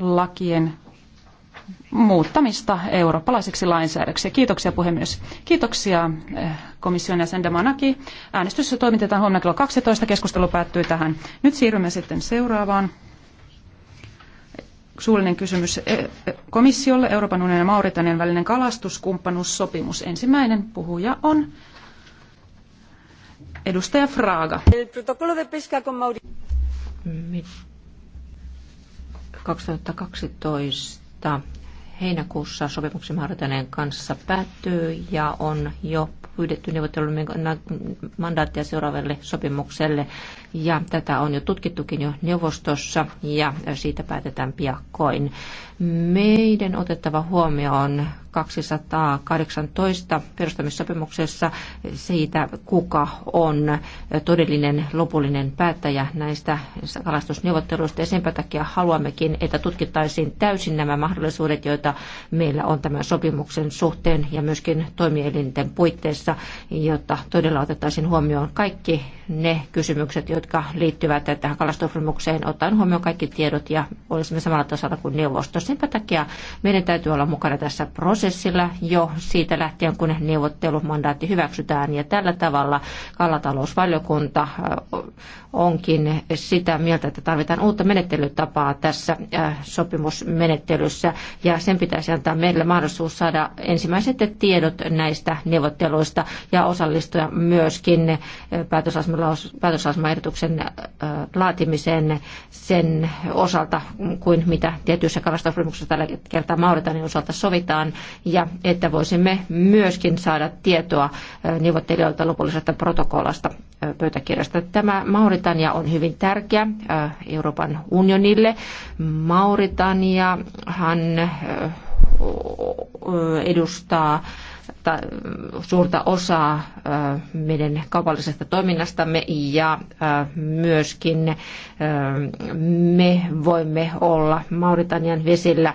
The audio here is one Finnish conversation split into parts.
lakien muuttamista eurooppalaiseksi lainsäädäksi. Kiitoksia puhemies. Kiitoksia eh, komission jäsen Damanaki. Äänestys toimitetaan huomenna kello 12. Keskustelu päättyy tähän. Nyt siirrymme sitten seuraavaan. Suullinen kysymys eh, eh, komissiolle. Euroopan unionin ja Mauritanian välinen kalastuskumppanuussopimus. Ensimmäinen puhuja on edustaja Fraga. 2012 heinäkuussa sopimuksen mahdollinen kanssa päättyy ja on jo pyydetty neuvottelun mandaattia seuraavalle sopimukselle ja tätä on jo tutkittukin jo neuvostossa ja siitä päätetään piakkoin. Meidän otettava huomioon 218 perustamissopimuksessa siitä, kuka on todellinen lopullinen päättäjä näistä kalastusneuvotteluista. Ja sen takia haluammekin, että tutkittaisiin täysin nämä mahdollisuudet, joita meillä on tämän sopimuksen suhteen ja myöskin toimielinten puitteissa, jotta todella otettaisiin huomioon kaikki ne kysymykset, joita jotka liittyvät tähän kalastussopimukseen, ottaen huomioon kaikki tiedot ja olisimme samalla tasolla kuin neuvosto. Senpä takia meidän täytyy olla mukana tässä prosessilla jo siitä lähtien, kun neuvottelumandaatti hyväksytään ja tällä tavalla kalatalousvaliokunta äh, onkin sitä mieltä, että tarvitaan uutta menettelytapaa tässä äh, sopimusmenettelyssä ja sen pitäisi antaa meille mahdollisuus saada ensimmäiset tiedot näistä neuvotteluista ja osallistua myöskin äh, päätösasemaehdotuksen kalastuksen äh, laatimiseen sen osalta kuin mitä tietyissä kalastussopimuksissa tällä kertaa Mauritanian osalta sovitaan ja että voisimme myöskin saada tietoa äh, neuvottelijoilta lopullisesta protokollasta äh, pöytäkirjasta. Tämä Mauritania on hyvin tärkeä Euroopan unionille. Mauritaniahan edustaa suurta osaa meidän kaupallisesta toiminnastamme ja myöskin me voimme olla Mauritanian vesillä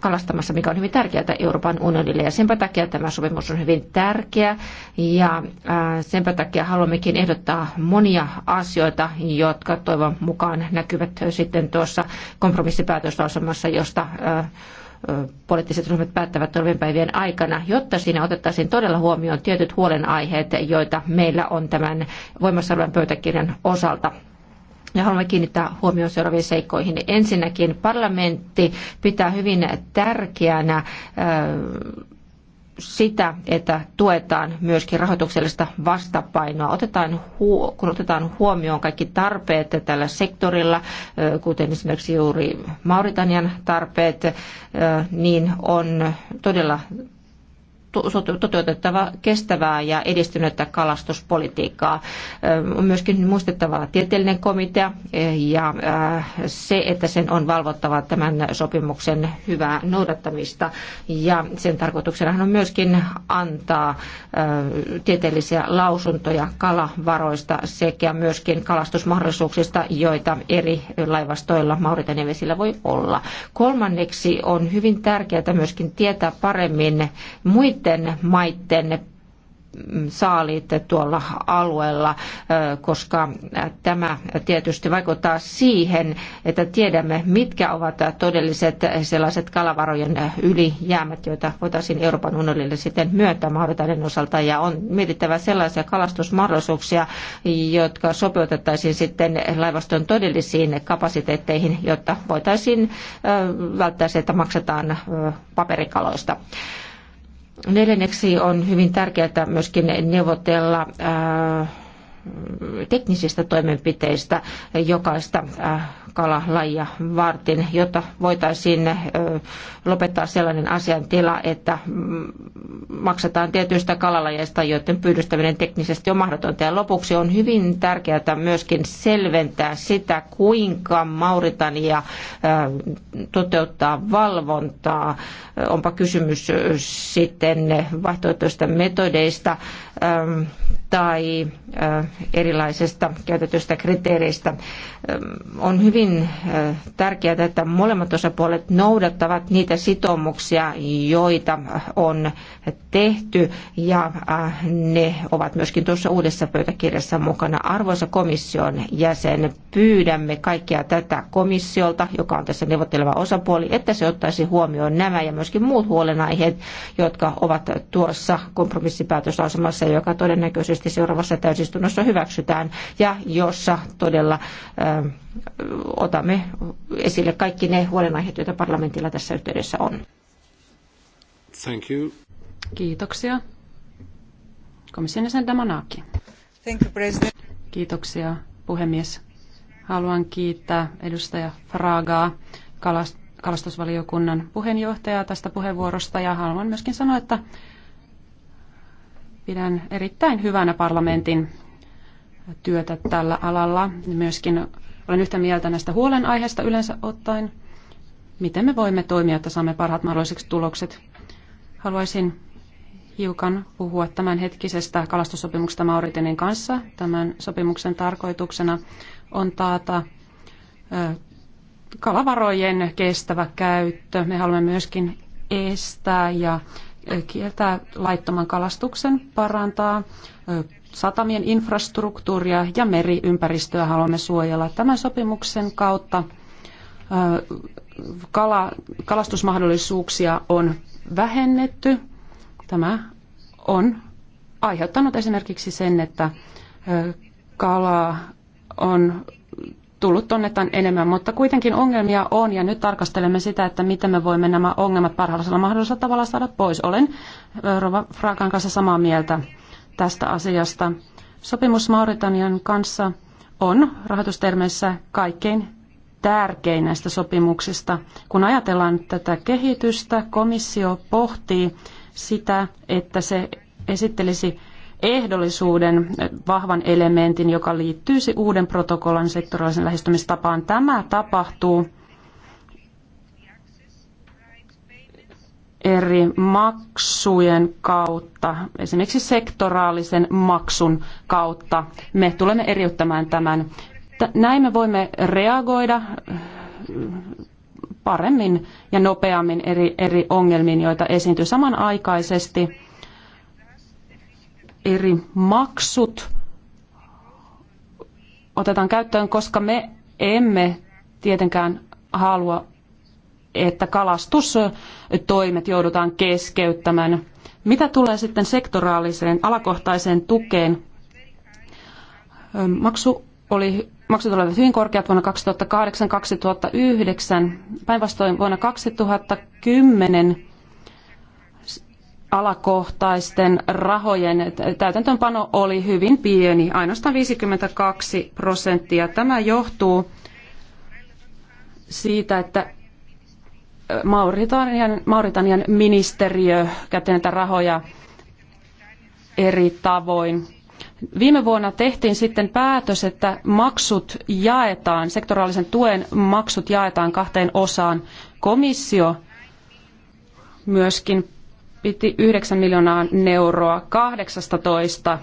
kalastamassa, mikä on hyvin tärkeää Euroopan unionille ja senpä takia tämä sopimus on hyvin tärkeä ja senpä takia haluammekin ehdottaa monia asioita, jotka toivon mukaan näkyvät sitten tuossa kompromissipäätöslausumassa, josta poliittiset ryhmät päättävät tulevien päivien aikana, jotta siinä otettaisiin todella huomioon tietyt huolenaiheet, joita meillä on tämän voimassa olevan pöytäkirjan osalta ja haluamme kiinnittää huomioon seuraaviin seikkoihin. Ensinnäkin parlamentti pitää hyvin tärkeänä sitä, että tuetaan myöskin rahoituksellista vastapainoa. Otetaan kun otetaan huomioon kaikki tarpeet tällä sektorilla, kuten esimerkiksi juuri Mauritanian tarpeet, niin on todella toteutettava kestävää ja edistynyttä kalastuspolitiikkaa. On myöskin muistettava tieteellinen komitea e, ja se, että sen on valvottava tämän sopimuksen hyvää noudattamista. Ja sen tarkoituksenahan on myöskin antaa tieteellisiä lausuntoja kalavaroista sekä myöskin kalastusmahdollisuuksista, joita eri laivastoilla Mauritanian vesillä voi olla. Kolmanneksi on hyvin tärkeää myöskin tietää paremmin muiden muiden maiden saaliit tuolla alueella, koska tämä tietysti vaikuttaa siihen, että tiedämme, mitkä ovat todelliset sellaiset kalavarojen ylijäämät, joita voitaisiin Euroopan unionille sitten myöntää mahdollisuuden osalta. Ja on mietittävä sellaisia kalastusmahdollisuuksia, jotka sopeutettaisiin sitten laivaston todellisiin kapasiteetteihin, jotta voitaisiin välttää se, että maksetaan paperikaloista. Neljänneksi on hyvin tärkeää myöskin neuvotella teknisistä toimenpiteistä jokaista äh, kalalajia varten, jotta voitaisiin äh, lopettaa sellainen asiantila, että mm, maksetaan tietyistä kalalajeista, joiden pyydystäminen teknisesti on mahdotonta. Ja lopuksi on hyvin tärkeää myöskin selventää sitä, kuinka Mauritania äh, toteuttaa valvontaa. Onpa kysymys sitten vaihtoehtoista metodeista ähm, tai erilaisista käytetyistä kriteereistä. On hyvin tärkeää, että molemmat osapuolet noudattavat niitä sitoumuksia, joita on tehty, ja ne ovat myöskin tuossa uudessa pöytäkirjassa mukana. Arvoisa komission jäsen, pyydämme kaikkia tätä komissiolta, joka on tässä neuvotteleva osapuoli, että se ottaisi huomioon nämä ja myöskin muut huolenaiheet, jotka ovat tuossa kompromissipäätöslauselmassa, joka todennäköisesti mahdollisesti seuraavassa täysistunnossa hyväksytään ja jossa todella otamme esille kaikki ne huolenaiheet, joita parlamentilla tässä yhteydessä on. Thank you. Kiitoksia. Komission jäsen Damanaki. Thank you, President. Kiitoksia, puhemies. Haluan kiittää edustaja Fragaa, kalastusvaliokunnan puheenjohtajaa tästä puheenvuorosta ja haluan myöskin sanoa, että Pidän erittäin hyvänä parlamentin työtä tällä alalla. Myöskin olen yhtä mieltä näistä huolenaiheista yleensä ottaen. Miten me voimme toimia, että saamme parhaat mahdolliset tulokset? Haluaisin hiukan puhua tämänhetkisestä kalastussopimuksesta Mauritinin kanssa. Tämän sopimuksen tarkoituksena on taata kalavarojen kestävä käyttö. Me haluamme myöskin estää ja kieltää laittoman kalastuksen, parantaa satamien infrastruktuuria ja meriympäristöä haluamme suojella. Tämän sopimuksen kautta kala, kalastusmahdollisuuksia on vähennetty. Tämä on aiheuttanut esimerkiksi sen, että kala on tullut onnettaan enemmän, mutta kuitenkin ongelmia on ja nyt tarkastelemme sitä, että miten me voimme nämä ongelmat parhaalla mahdollisella tavalla saada pois. Olen Rova Fraakan kanssa samaa mieltä tästä asiasta. Sopimus Mauritanian kanssa on rahoitustermeissä kaikkein tärkein näistä sopimuksista. Kun ajatellaan tätä kehitystä, komissio pohtii sitä, että se esittelisi ehdollisuuden eh, vahvan elementin, joka liittyy uuden protokollan sektoraalisen lähestymistapaan. Tämä tapahtuu eri maksujen kautta, esimerkiksi sektoraalisen maksun kautta. Me tulemme eriyttämään tämän. Näin me voimme reagoida eh, paremmin ja nopeammin eri, eri ongelmiin, joita esiintyy samanaikaisesti eri maksut otetaan käyttöön, koska me emme tietenkään halua, että kalastustoimet joudutaan keskeyttämään. Mitä tulee sitten sektoraaliseen alakohtaiseen tukeen? Maksu oli, maksut olivat hyvin korkeat vuonna 2008-2009. Päinvastoin vuonna 2010 alakohtaisten rahojen täytäntöönpano oli hyvin pieni, ainoastaan 52 prosenttia. Tämä johtuu siitä, että Mauritanian, Mauritanian ministeriö käytti näitä rahoja eri tavoin. Viime vuonna tehtiin sitten päätös, että maksut jaetaan, sektoraalisen tuen maksut jaetaan kahteen osaan. Komissio myöskin piti 9 miljoonaa euroa 18,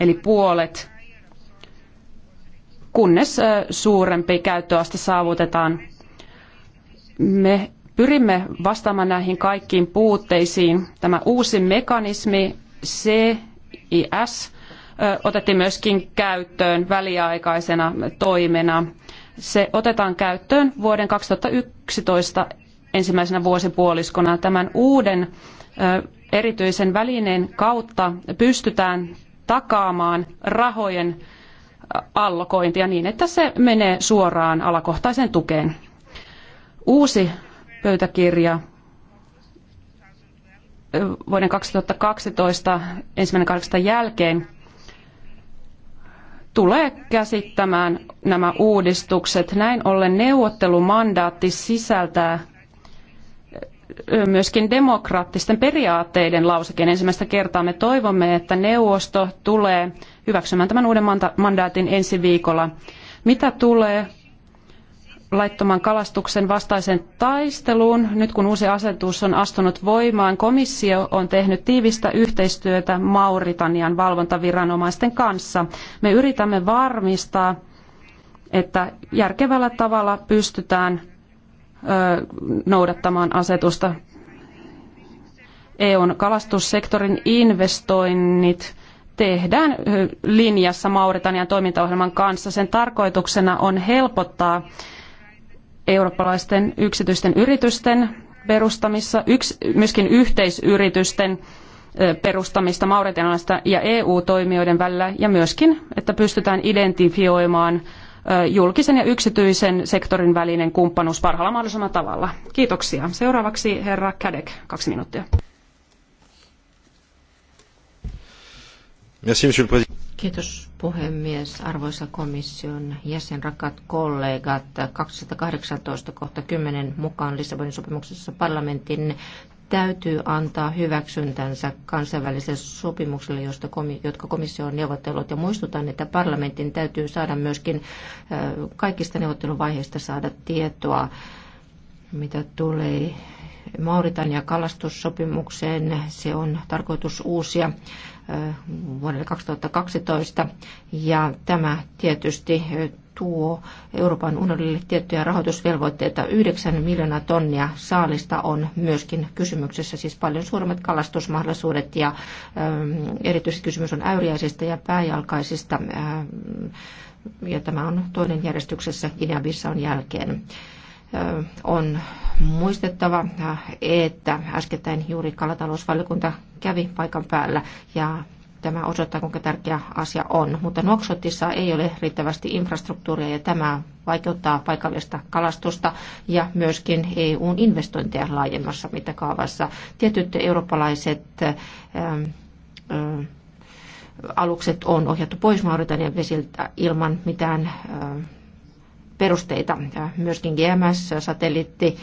eli puolet, kunnes suurempi käyttöaste saavutetaan. Me pyrimme vastaamaan näihin kaikkiin puutteisiin. Tämä uusi mekanismi CIS otettiin myöskin käyttöön väliaikaisena toimena. Se otetaan käyttöön vuoden 2011 ensimmäisenä vuosipuoliskona. Tämän uuden erityisen välineen kautta pystytään takaamaan rahojen allokointia niin, että se menee suoraan alakohtaiseen tukeen. Uusi pöytäkirja vuoden 2012 ensimmäinen 8. jälkeen tulee käsittämään nämä uudistukset. Näin ollen neuvottelumandaatti sisältää myöskin demokraattisten periaatteiden lausekkeen ensimmäistä kertaa. Me toivomme, että neuvosto tulee hyväksymään tämän uuden mandaatin ensi viikolla. Mitä tulee laittoman kalastuksen vastaiseen taisteluun, nyt kun uusi asetus on astunut voimaan, komissio on tehnyt tiivistä yhteistyötä Mauritanian valvontaviranomaisten kanssa. Me yritämme varmistaa, että järkevällä tavalla pystytään noudattamaan asetusta. EUn kalastussektorin investoinnit tehdään linjassa Mauritanian toimintaohjelman kanssa. Sen tarkoituksena on helpottaa eurooppalaisten yksityisten yritysten perustamissa, yks, myöskin yhteisyritysten perustamista mauritanialaista ja EU-toimijoiden välillä ja myöskin, että pystytään identifioimaan julkisen ja yksityisen sektorin välinen kumppanuus parhaalla mahdollisella tavalla. Kiitoksia. Seuraavaksi herra Kädek, kaksi minuuttia. Kiitos puhemies, arvoisa komission jäsen, rakkaat kollegat. 2018 kohta 10 mukaan Lissabonin sopimuksessa parlamentin täytyy antaa hyväksyntänsä kansainväliselle sopimukselle, josta jotka komissio on neuvotellut. Ja muistutan, että parlamentin täytyy saada myöskin kaikista neuvotteluvaiheista saada tietoa, mitä tulee Mauritania kalastussopimukseen. Se on tarkoitus uusia vuodelle 2012. Ja tämä tietysti tuo Euroopan unionille tiettyjä rahoitusvelvoitteita. 9 miljoonaa tonnia saalista on myöskin kysymyksessä, siis paljon suuremmat kalastusmahdollisuudet ja ähm, erityisesti kysymys on äyriäisistä ja pääjalkaisista ähm, ja tämä on toinen järjestyksessä Guinea-Bissaun jälkeen on muistettava, äh, että äskettäin juuri kalatalousvaliokunta kävi paikan päällä ja tämä osoittaa, kuinka tärkeä asia on. Mutta Nuoksotissa ei ole riittävästi infrastruktuuria ja tämä vaikeuttaa paikallista kalastusta ja myöskin EUn investointeja laajemmassa mittakaavassa. Tietyt eurooppalaiset alukset on ohjattu pois Mauritanian vesiltä ilman mitään perusteita. Myöskin GMS-satelliitti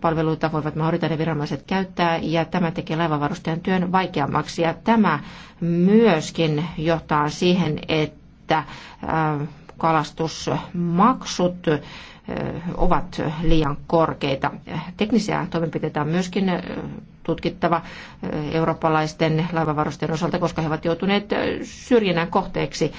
palveluita voivat mauritaiden viranomaiset käyttää ja tämä tekee laivavarustajan työn vaikeammaksi ja tämä myöskin johtaa siihen, että kalastusmaksut ovat liian korkeita. Teknisiä toimenpiteitä on myöskin tutkittava eurooppalaisten laivavarusten osalta, koska he ovat joutuneet syrjinnän kohteeksi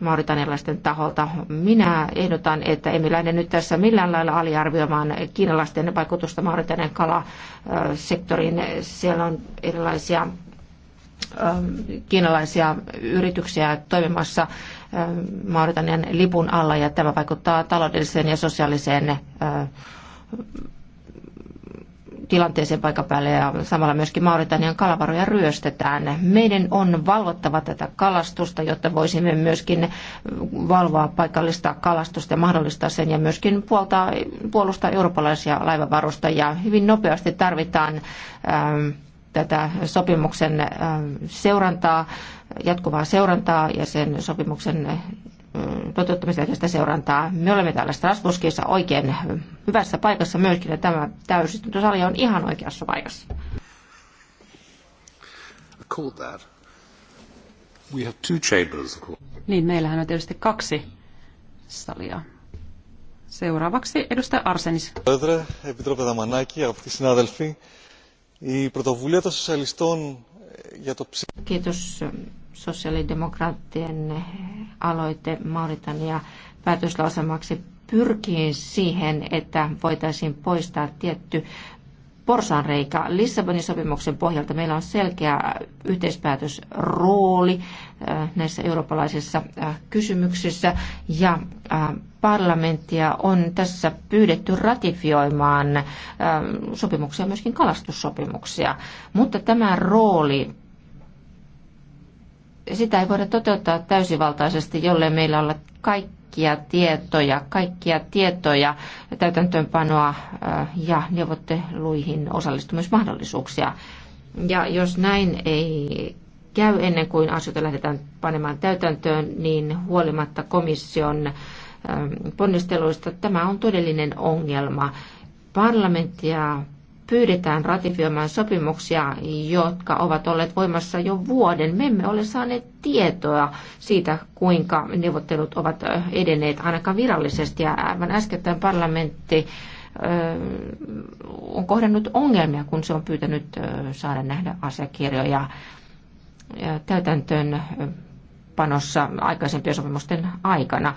mauritanialaisten taholta. Minä ehdotan, että emme lähde nyt tässä millään lailla aliarvioimaan kiinalaisten vaikutusta Mauritanian kalasektoriin. Siellä on erilaisia kiinalaisia yrityksiä toimimassa Äh, Mauritanian lipun alla ja tämä vaikuttaa taloudelliseen ja sosiaaliseen äh, tilanteeseen paikan päälle ja samalla myöskin Mauritanian kalavaroja ryöstetään. Meidän on valvottava tätä kalastusta, jotta voisimme myöskin valvoa paikallista kalastusta ja mahdollistaa sen ja myöskin puolustaa eurooppalaisia laivavarustajia. Hyvin nopeasti tarvitaan ähm, tätä sopimuksen äh, seurantaa, jatkuvaa seurantaa ja sen sopimuksen äh, toteuttamisjärjestä seurantaa. Me olemme täällä Strasbourgissa oikein hyvässä paikassa myöskin, ja tämä täysistuntosali on ihan oikeassa paikassa. Chambers, niin, meillähän on tietysti kaksi salia. Seuraavaksi edustaja Arsenis. Πρόεδρε, Επιτρόπε Δαμανάκη, αγαπητοί συνάδελφοι, Η πρωτοβουλία των σοσιαλιστών για το Kiitos sosiaalidemokraattien aloite Mauritania päätöslausemaksi pyrkii siihen, että voitaisiin poistaa tietty porsanreikä. Lissabonin sopimuksen pohjalta meillä on selkeä yhteispäätösrooli äh, näissä eurooppalaisissa äh, kysymyksissä ja äh, parlamenttia on tässä pyydetty ratifioimaan sopimuksia, myöskin kalastussopimuksia. Mutta tämä rooli sitä ei voida toteuttaa täysivaltaisesti, jollei meillä olla kaikkia tietoja, kaikkia tietoja täytäntöönpanoa ja neuvotteluihin osallistumismahdollisuuksia. Ja jos näin ei käy ennen kuin asioita lähdetään panemaan täytäntöön, niin huolimatta komission ponnisteluista. Tämä on todellinen ongelma. Parlamenttia pyydetään ratifioimaan sopimuksia, jotka ovat olleet voimassa jo vuoden. Me emme ole saaneet tietoa siitä, kuinka neuvottelut ovat edenneet ainakaan virallisesti. Ja aivan äskettäin parlamentti on kohdannut ongelmia, kun se on pyytänyt saada nähdä asiakirjoja täytäntöön panossa aikaisempien sopimusten aikana.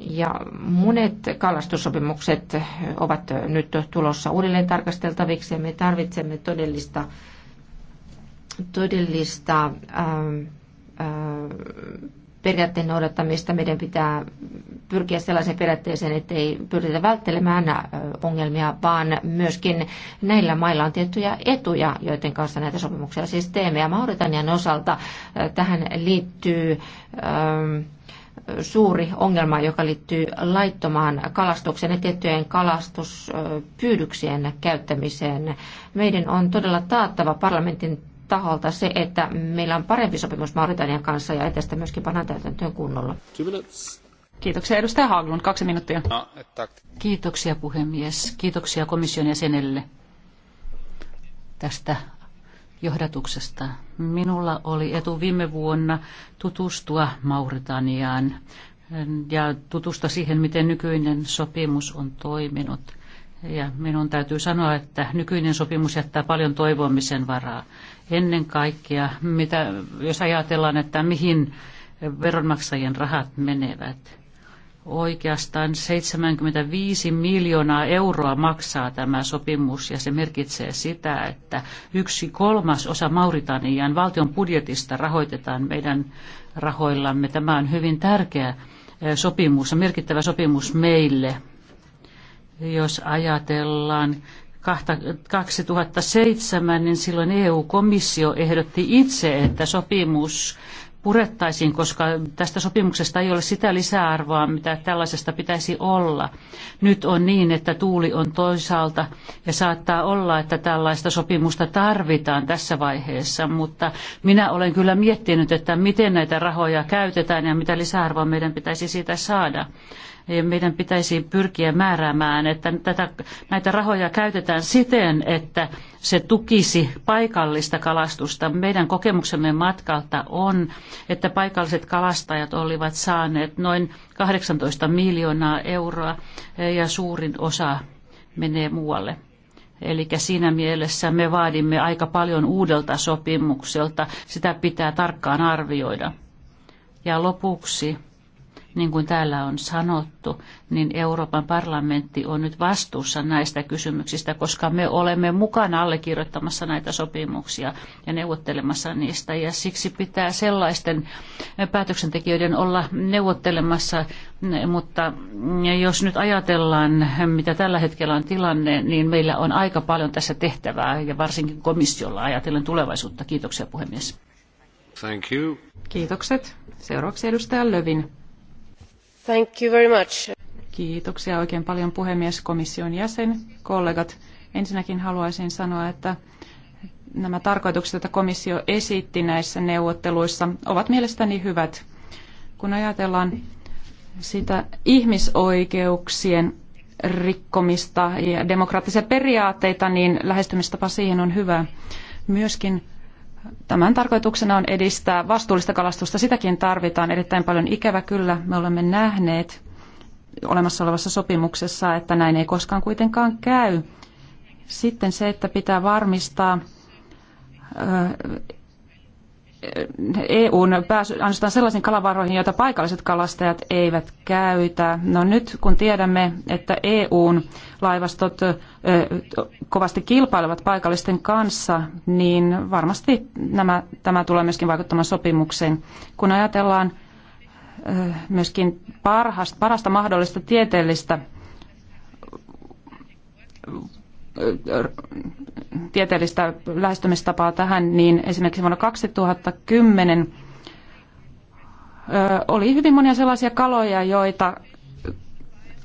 Ja monet kalastussopimukset ovat nyt tulossa uudelleen tarkasteltaviksi ja me tarvitsemme todellista, todellista ää, ähm, ää, äh, periaatteen noudattamista. Meidän pitää pyrkiä sellaiseen periaatteeseen, ettei pyritä välttelemään äh, ongelmia, vaan myöskin näillä mailla on tiettyjä etuja, joiden kanssa näitä sopimuksia siis teemme. Ja Mauritanian osalta äh, tähän liittyy Ää, ähm, suuri ongelma, joka liittyy laittomaan kalastukseen ja tiettyjen kalastuspyydyksien käyttämiseen. Meidän on todella taattava parlamentin taholta se, että meillä on parempi sopimus Mauritanian kanssa ja etästä myöskin pannaan täytäntöön kunnolla. Kiitoksia edustaja Haglund, kaksi minuuttia. No, kiitoksia puhemies, kiitoksia komission jäsenelle tästä johdatuksesta. Minulla oli etu viime vuonna tutustua Mauritaniaan ja tutusta siihen, miten nykyinen sopimus on toiminut. Ja minun täytyy sanoa, että nykyinen sopimus jättää paljon toivomisen varaa. Ennen kaikkea, mitä, jos ajatellaan, että mihin veronmaksajien rahat menevät, Oikeastaan 75 miljoonaa euroa maksaa tämä sopimus ja se merkitsee sitä, että yksi kolmas osa Mauritanian valtion budjetista rahoitetaan meidän rahoillamme. Tämä on hyvin tärkeä sopimus, merkittävä sopimus meille. Jos ajatellaan 2007, niin silloin EU-komissio ehdotti itse, että sopimus purettaisiin, koska tästä sopimuksesta ei ole sitä lisäarvoa, mitä tällaisesta pitäisi olla. Nyt on niin, että tuuli on toisaalta ja saattaa olla, että tällaista sopimusta tarvitaan tässä vaiheessa, mutta minä olen kyllä miettinyt, että miten näitä rahoja käytetään ja mitä lisäarvoa meidän pitäisi siitä saada meidän pitäisi pyrkiä määräämään, että tätä, näitä rahoja käytetään siten, että se tukisi paikallista kalastusta. Meidän kokemuksemme matkalta on, että paikalliset kalastajat olivat saaneet noin 18 miljoonaa euroa ja suurin osa menee muualle. Eli siinä mielessä me vaadimme aika paljon uudelta sopimukselta. Sitä pitää tarkkaan arvioida. Ja lopuksi niin kuin täällä on sanottu, niin Euroopan parlamentti on nyt vastuussa näistä kysymyksistä, koska me olemme mukana allekirjoittamassa näitä sopimuksia ja neuvottelemassa niistä. Ja siksi pitää sellaisten päätöksentekijöiden olla neuvottelemassa, mutta jos nyt ajatellaan, mitä tällä hetkellä on tilanne, niin meillä on aika paljon tässä tehtävää ja varsinkin komissiolla ajatellen tulevaisuutta. Kiitoksia puhemies. Thank you. Kiitokset. Seuraavaksi edustaja Lövin. Thank you very much. Kiitoksia oikein paljon puhemies, komission jäsen, kollegat. Ensinnäkin haluaisin sanoa, että nämä tarkoitukset, joita komissio esitti näissä neuvotteluissa, ovat mielestäni hyvät. Kun ajatellaan sitä ihmisoikeuksien rikkomista ja demokraattisia periaatteita, niin lähestymistapa siihen on hyvä. Myöskin Tämän tarkoituksena on edistää vastuullista kalastusta. Sitäkin tarvitaan erittäin paljon. Ikävä kyllä, me olemme nähneet olemassa olevassa sopimuksessa, että näin ei koskaan kuitenkaan käy. Sitten se, että pitää varmistaa EUn pääsy ainoastaan sellaisiin kalavaroihin, joita paikalliset kalastajat eivät käytä. No nyt kun tiedämme, että EUn laivastot kovasti kilpailevat paikallisten kanssa, niin varmasti nämä, tämä tulee myöskin vaikuttamaan sopimukseen. Kun ajatellaan myöskin parhasta, parasta mahdollista tieteellistä tieteellistä lähestymistapaa tähän, niin esimerkiksi vuonna 2010 oli hyvin monia sellaisia kaloja, joita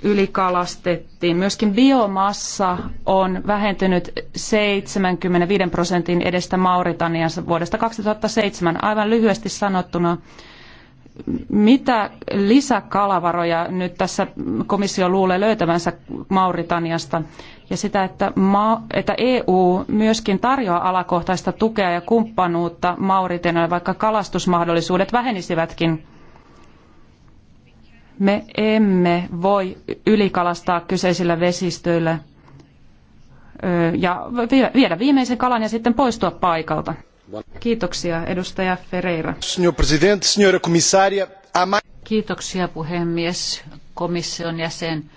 ylikalastettiin. Myöskin biomassa on vähentynyt 75 prosentin edestä Mauritaniassa vuodesta 2007. Aivan lyhyesti sanottuna mitä lisäkalavaroja nyt tässä komissio luulee löytävänsä Mauritaniasta ja sitä, että, että EU myöskin tarjoaa alakohtaista tukea ja kumppanuutta Mauritanialle, vaikka kalastusmahdollisuudet vähenisivätkin. Me emme voi ylikalastaa kyseisillä vesistöillä ja viedä viimeisen kalan ja sitten poistua paikalta. Kiitoksia, edustaja Ferreira. Signor Presidente, signora Kiitoksia, puhemies, komission jäsen.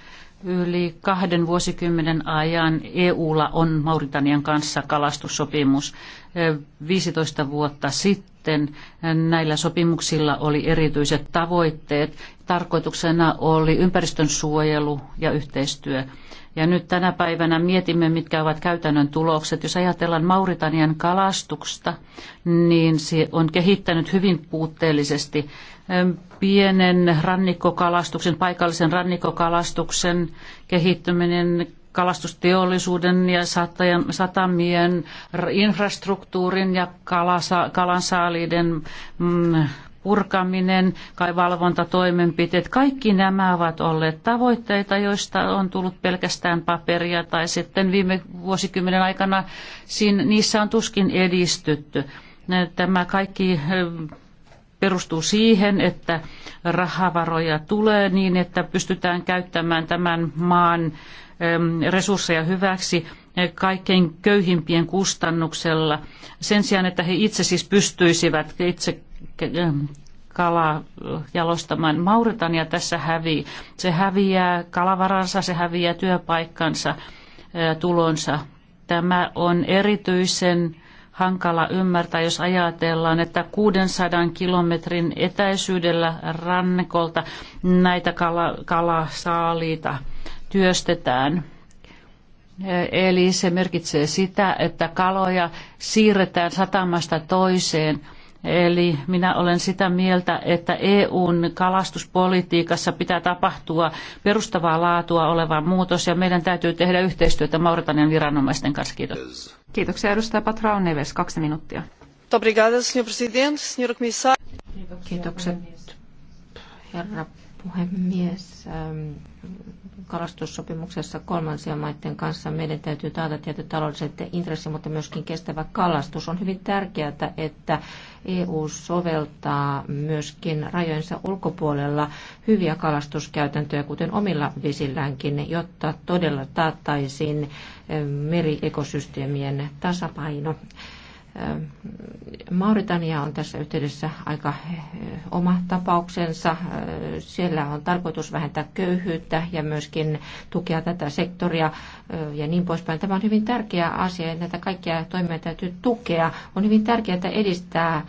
Yli kahden vuosikymmenen ajan EUlla on Mauritanian kanssa kalastussopimus. 15 vuotta sitten näillä sopimuksilla oli erityiset tavoitteet. Tarkoituksena oli ympäristön suojelu ja yhteistyö. Ja nyt tänä päivänä mietimme, mitkä ovat käytännön tulokset. Jos ajatellaan Mauritanian kalastusta, niin se on kehittänyt hyvin puutteellisesti pienen rannikkokalastuksen, paikallisen rannikkokalastuksen kehittyminen, kalastusteollisuuden ja satamien infrastruktuurin ja kalasa, kalansaaliiden mm, purkaminen, kai valvontatoimenpiteet, kaikki nämä ovat olleet tavoitteita, joista on tullut pelkästään paperia tai sitten viime vuosikymmenen aikana siinä, niissä on tuskin edistytty. Tämä kaikki perustuu siihen, että rahavaroja tulee niin, että pystytään käyttämään tämän maan resursseja hyväksi kaikkein köyhimpien kustannuksella sen sijaan, että he itse siis pystyisivät itse kalaa jalostamaan. Mauritania tässä hävii. Se häviää kalavaransa, se häviää työpaikkansa, tulonsa. Tämä on erityisen hankala ymmärtää, jos ajatellaan, että 600 kilometrin etäisyydellä rannikolta näitä kala, kalasaaliita työstetään. Eli se merkitsee sitä, että kaloja siirretään satamasta toiseen – Eli minä olen sitä mieltä, että EUn kalastuspolitiikassa pitää tapahtua perustavaa laatua oleva muutos ja meidän täytyy tehdä yhteistyötä Mauritanian viranomaisten kanssa. Kiitos. Kiitoksia edustaja Patrao Neves, kaksi minuuttia. Kiitokset herra puhemies. Ähm, kalastussopimuksessa kolmansien maiden kanssa meidän täytyy taata tietyt taloudelliset intressit, mutta myöskin kestävä kalastus. On hyvin tärkeää, että EU soveltaa myöskin rajojensa ulkopuolella hyviä kalastuskäytäntöjä, kuten omilla vesilläänkin, jotta todella taattaisiin ähm, meriekosysteemien tasapaino. Mauritania on tässä yhteydessä aika oma tapauksensa. Siellä on tarkoitus vähentää köyhyyttä ja myöskin tukea tätä sektoria ja niin poispäin. Tämä on hyvin tärkeä asia ja näitä kaikkia toimia täytyy tukea. On hyvin tärkeää edistää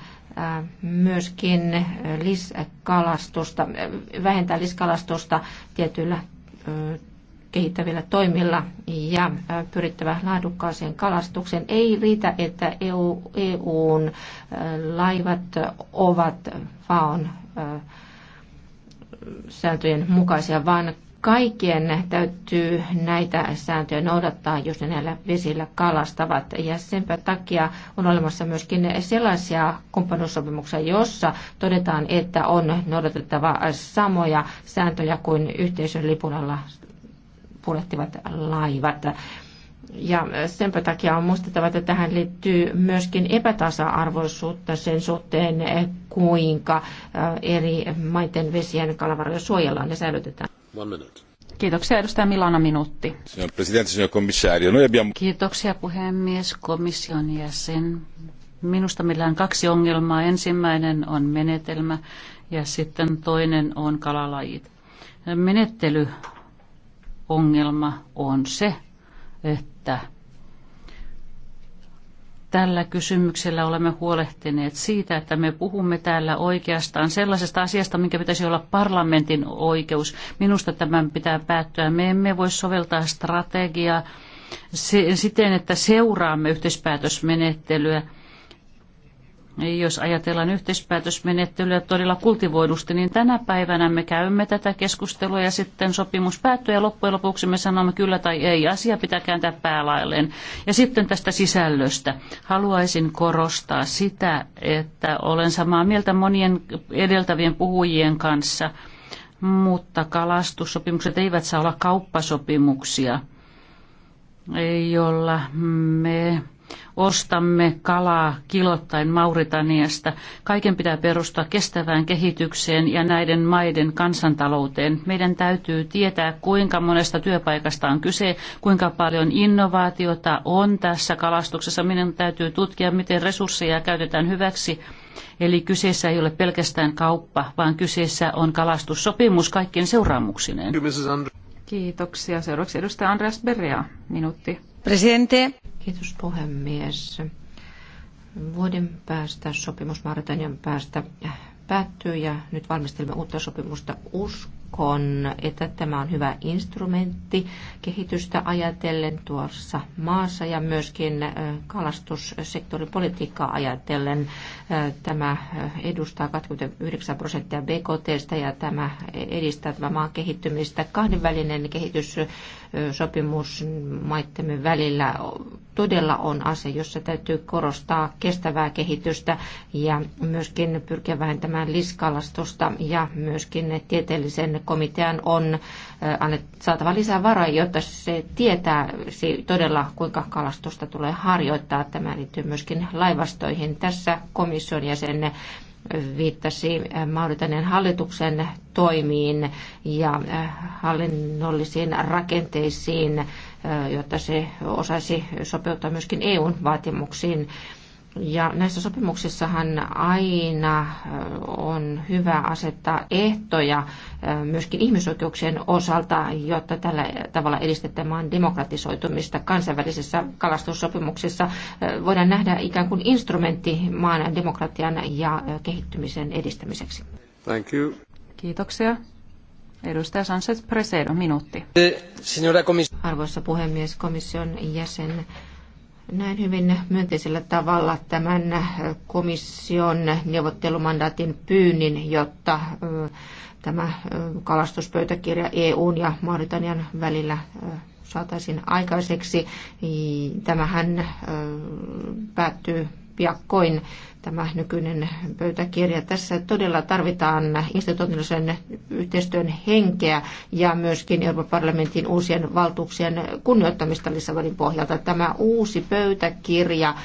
myöskin liskalastusta, vähentää liskalastusta tietyillä kehittävillä toimilla ja pyrittävä laadukkaaseen kalastukseen. Ei riitä, että EU, EUn laivat ovat FAON sääntöjen mukaisia, vaan kaikkien täytyy näitä sääntöjä noudattaa, jos ne näillä vesillä kalastavat. Ja senpä takia on olemassa myöskin sellaisia kumppanuussopimuksia, jossa todetaan, että on noudatettava samoja sääntöjä kuin yhteisön lipun alla purjehtivat laivat. Ja sen takia on muistettava, että tähän liittyy myöskin epätasa-arvoisuutta sen suhteen, kuinka äh, eri maiden vesien kalavaroja suojellaan ja säilytetään. One minute. Kiitoksia edustaja Milana minuutti. Kiitoksia puhemies, komission jäsen. Minusta meillä on kaksi ongelmaa. Ensimmäinen on menetelmä ja sitten toinen on kalalajit. Menettely ongelma on se, että tällä kysymyksellä olemme huolehtineet siitä, että me puhumme täällä oikeastaan sellaisesta asiasta, minkä pitäisi olla parlamentin oikeus. Minusta tämän pitää päättyä. Me emme voi soveltaa strategiaa siten, että seuraamme yhteispäätösmenettelyä – jos ajatellaan yhteispäätösmenettelyä todella kultivoidusti, niin tänä päivänä me käymme tätä keskustelua ja sitten sopimus päättyy ja loppujen lopuksi me sanomme kyllä tai ei. Asia pitää kääntää päälailleen. Ja sitten tästä sisällöstä. Haluaisin korostaa sitä, että olen samaa mieltä monien edeltävien puhujien kanssa, mutta kalastussopimukset eivät saa olla kauppasopimuksia, jolla me ostamme kalaa kilottain Mauritaniasta. Kaiken pitää perustua kestävään kehitykseen ja näiden maiden kansantalouteen. Meidän täytyy tietää, kuinka monesta työpaikasta on kyse, kuinka paljon innovaatiota on tässä kalastuksessa. Meidän täytyy tutkia, miten resursseja käytetään hyväksi Eli kyseessä ei ole pelkästään kauppa, vaan kyseessä on kalastussopimus kaikkien seuraamuksineen. Kiitoksia. Seuraavaksi edustaja Andreas minuutti. Presidente. Kiitos puhemies. Vuoden päästä sopimus Mauritanian päästä äh, päättyy ja nyt valmistelemme uutta sopimusta uskon, että tämä on hyvä instrumentti kehitystä ajatellen tuossa maassa ja myöskin äh, kalastussektorin politiikkaa ajatellen. Äh, tämä edustaa 29 prosenttia BKTstä ja tämä edistää tämän maan kehittymistä. Kahdenvälinen kehitys sopimusmaittemme välillä todella on asia, jossa täytyy korostaa kestävää kehitystä ja myöskin pyrkiä vähentämään liskalastusta ja myöskin tieteellisen komitean on saatava lisää varoja, jotta se tietää todella, kuinka kalastusta tulee harjoittaa. Tämä liittyy myöskin laivastoihin. Tässä komission jäsenne viittasi eh, Mauritanian hallituksen toimiin ja eh, hallinnollisiin rakenteisiin, eh, jotta se osaisi sopeuttaa myöskin EUn vaatimuksiin. Ja näissä sopimuksissahan aina on hyvä asettaa ehtoja myöskin ihmisoikeuksien osalta, jotta tällä tavalla edistetään demokratisoitumista. Kansainvälisissä kalastussopimuksissa voidaan nähdä ikään kuin instrumentti maan demokratian ja kehittymisen edistämiseksi. Thank you. Kiitoksia. Edustaja Sanchez Presedo, minuutti. Arvoisa puhemies, komission jäsen näin hyvin myönteisellä tavalla tämän komission neuvottelumandaatin pyynnin, jotta tämä kalastuspöytäkirja EUn ja Mauritanian välillä saataisiin aikaiseksi. Tämähän päättyy piakkoin tämä nykyinen pöytäkirja. Tässä todella tarvitaan institutionaalisen yhteistyön henkeä ja myöskin Euroopan parlamentin uusien valtuuksien kunnioittamista Lissabonin pohjalta. Tämä uusi pöytäkirja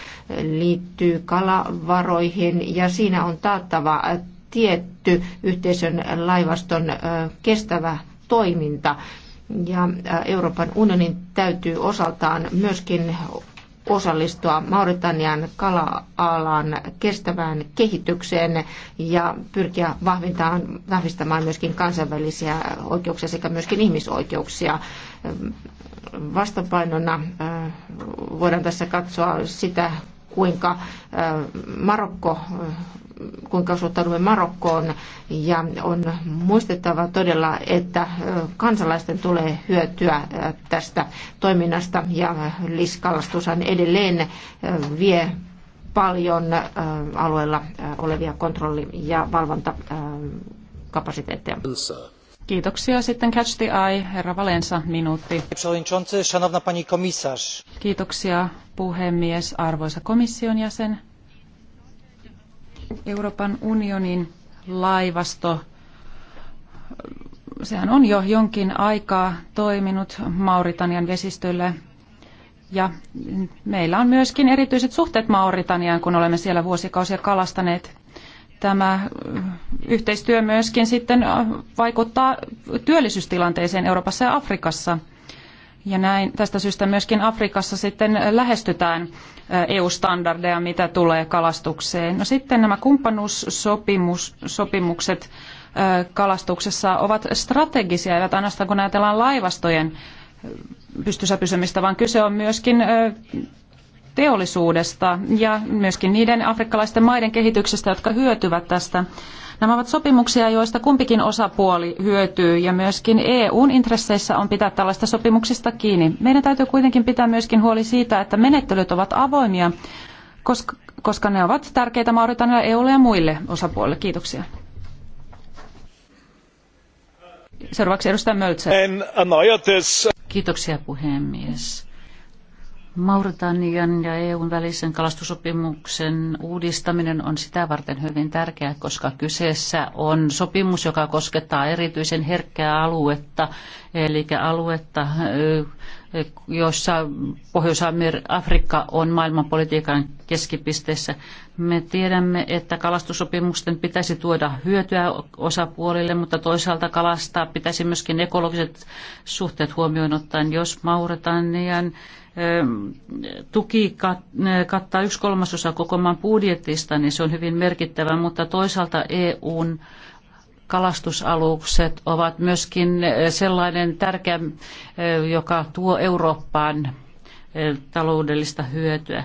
liittyy kalavaroihin ja siinä on taattava tietty yhteisön laivaston kestävä toiminta. Ja Euroopan unionin täytyy osaltaan myöskin osallistua Mauritanian kala-alan kestävään kehitykseen ja pyrkiä vahvistamaan myöskin kansainvälisiä oikeuksia sekä myöskin ihmisoikeuksia. Vastapainona äh, voidaan tässä katsoa sitä, kuinka äh, Marokko äh, kuinka suhtaudumme Marokkoon. Ja on muistettava todella, että kansalaisten tulee hyötyä tästä toiminnasta ja liskalastushan edelleen vie paljon alueella olevia kontrolli- ja valvontakapasiteetteja. Kiitoksia. Sitten Catch the Eye, herra Valensa, minuutti. Kiitoksia puhemies, arvoisa komission jäsen. Euroopan unionin laivasto, sehän on jo jonkin aikaa toiminut Mauritanian vesistöllä ja meillä on myöskin erityiset suhteet Mauritaniaan, kun olemme siellä vuosikausia kalastaneet. Tämä yhteistyö myöskin sitten vaikuttaa työllisyystilanteeseen Euroopassa ja Afrikassa – ja näin tästä syystä myöskin Afrikassa sitten lähestytään EU-standardeja, mitä tulee kalastukseen. No sitten nämä kumppanuussopimukset kalastuksessa ovat strategisia, eivät ainoastaan kun ajatellaan laivastojen pystyssä pysymistä, vaan kyse on myöskin teollisuudesta ja myöskin niiden afrikkalaisten maiden kehityksestä, jotka hyötyvät tästä Nämä ovat sopimuksia, joista kumpikin osapuoli hyötyy ja myöskin EUn intresseissä on pitää tällaista sopimuksista kiinni. Meidän täytyy kuitenkin pitää myöskin huoli siitä, että menettelyt ovat avoimia, koska, koska ne ovat tärkeitä Mauritanialle, EUlle ja muille osapuolille. Kiitoksia. Seuraavaksi edustaja Möltse. Kiitoksia puhemies Mauritanian ja EUn välisen kalastusopimuksen uudistaminen on sitä varten hyvin tärkeää, koska kyseessä on sopimus, joka koskettaa erityisen herkkää aluetta, eli aluetta, jossa Pohjois-Afrikka on maailmanpolitiikan keskipisteessä. Me tiedämme, että kalastusopimusten pitäisi tuoda hyötyä osapuolille, mutta toisaalta kalastaa pitäisi myöskin ekologiset suhteet huomioon ottaen, jos Mauritanian tuki kattaa yksi kolmasosa koko maan budjetista, niin se on hyvin merkittävä, mutta toisaalta EUn kalastusalukset ovat myöskin sellainen tärkeä, joka tuo Eurooppaan taloudellista hyötyä.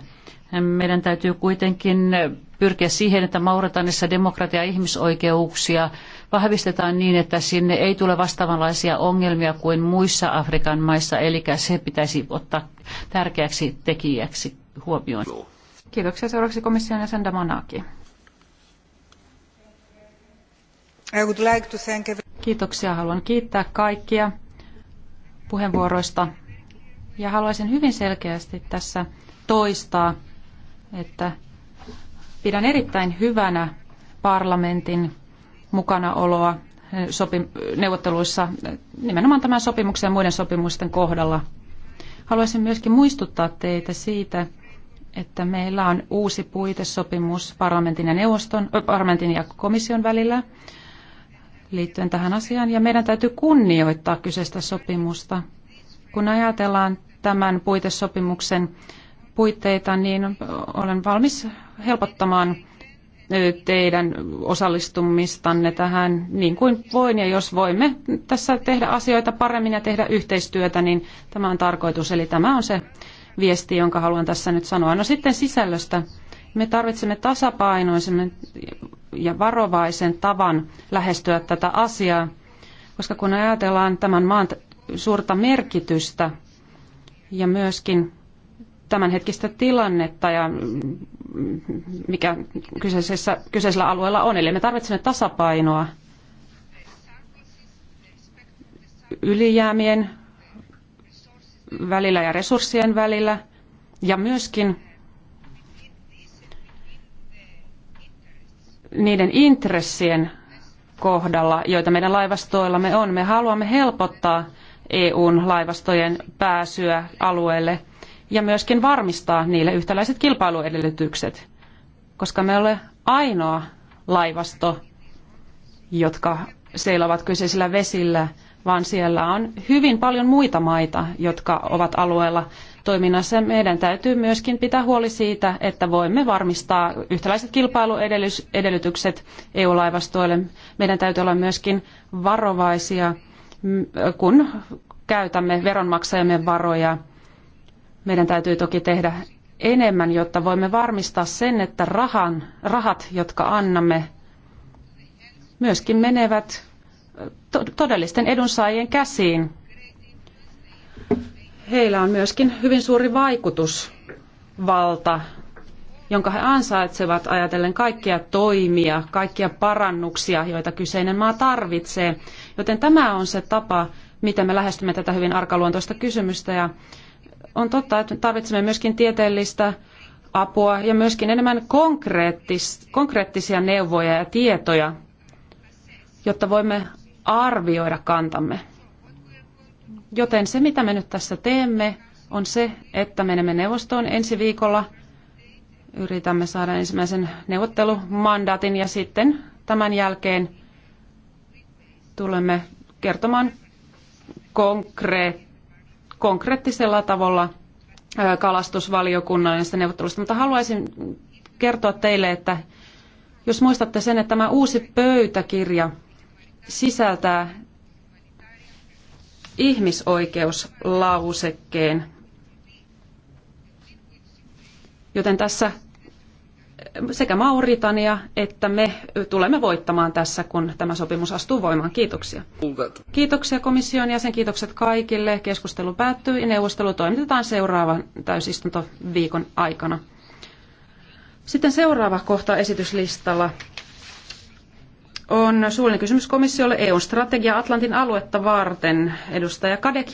Meidän täytyy kuitenkin pyrkiä siihen, että Mauritanissa demokratia ja ihmisoikeuksia vahvistetaan niin, että sinne ei tule vastaavanlaisia ongelmia kuin muissa Afrikan maissa, eli se pitäisi ottaa tärkeäksi tekijäksi huomioon. Kiitoksia. Seuraavaksi komission jäsen Damanaki. Kiitoksia. Haluan kiittää kaikkia puheenvuoroista. Ja haluaisin hyvin selkeästi tässä toistaa, että pidän erittäin hyvänä parlamentin mukanaoloa neuvotteluissa nimenomaan tämän sopimuksen ja muiden sopimusten kohdalla. Haluaisin myöskin muistuttaa teitä siitä, että meillä on uusi puitesopimus parlamentin ja, neuvoston, parlamentin ja komission välillä liittyen tähän asiaan, ja meidän täytyy kunnioittaa kyseistä sopimusta. Kun ajatellaan tämän puitesopimuksen puitteita, niin olen valmis helpottamaan teidän osallistumistanne tähän niin kuin voin. Ja jos voimme tässä tehdä asioita paremmin ja tehdä yhteistyötä, niin tämä on tarkoitus. Eli tämä on se viesti, jonka haluan tässä nyt sanoa. No sitten sisällöstä. Me tarvitsemme tasapainoisen ja varovaisen tavan lähestyä tätä asiaa, koska kun ajatellaan tämän maan suurta merkitystä ja myöskin tämänhetkistä tilannetta ja mikä kyseisessä, kyseisellä alueella on. Eli me tarvitsemme tasapainoa ylijäämien välillä ja resurssien välillä ja myöskin niiden intressien kohdalla, joita meidän laivastoillamme on. Me haluamme helpottaa EUn laivastojen pääsyä alueelle – ja myöskin varmistaa niille yhtäläiset kilpailuedellytykset, koska me ole ainoa laivasto, jotka seilaavat kyseisillä vesillä, vaan siellä on hyvin paljon muita maita, jotka ovat alueella toiminnassa. Meidän täytyy myöskin pitää huoli siitä, että voimme varmistaa yhtäläiset kilpailuedellytykset EU-laivastoille. Meidän täytyy olla myöskin varovaisia, kun käytämme veronmaksajamme varoja – meidän täytyy toki tehdä enemmän, jotta voimme varmistaa sen, että rahan, rahat, jotka annamme, myöskin menevät todellisten edunsaajien käsiin. Heillä on myöskin hyvin suuri vaikutusvalta, jonka he ansaitsevat ajatellen kaikkia toimia, kaikkia parannuksia, joita kyseinen maa tarvitsee. Joten tämä on se tapa, miten me lähestymme tätä hyvin arkaluontoista kysymystä ja on totta, että tarvitsemme myöskin tieteellistä apua ja myöskin enemmän konkreettis, konkreettisia neuvoja ja tietoja, jotta voimme arvioida kantamme. Joten se, mitä me nyt tässä teemme, on se, että menemme neuvostoon ensi viikolla. Yritämme saada ensimmäisen neuvottelumandaatin ja sitten tämän jälkeen tulemme kertomaan konkreettisesti konkreettisella tavalla kalastusvaliokunnan näistä neuvotteluista, mutta haluaisin kertoa teille, että jos muistatte sen, että tämä uusi pöytäkirja sisältää ihmisoikeuslausekkeen, joten tässä sekä Mauritania että me tulemme voittamaan tässä, kun tämä sopimus astuu voimaan. Kiitoksia. Kiitoksia komission jäsen, kiitokset kaikille. Keskustelu päättyy ja neuvostelu toimitetaan seuraavan täysistuntoviikon aikana. Sitten seuraava kohta esityslistalla on suullinen kysymys komissiolle EUn strategia Atlantin aluetta varten. Edustaja Kadek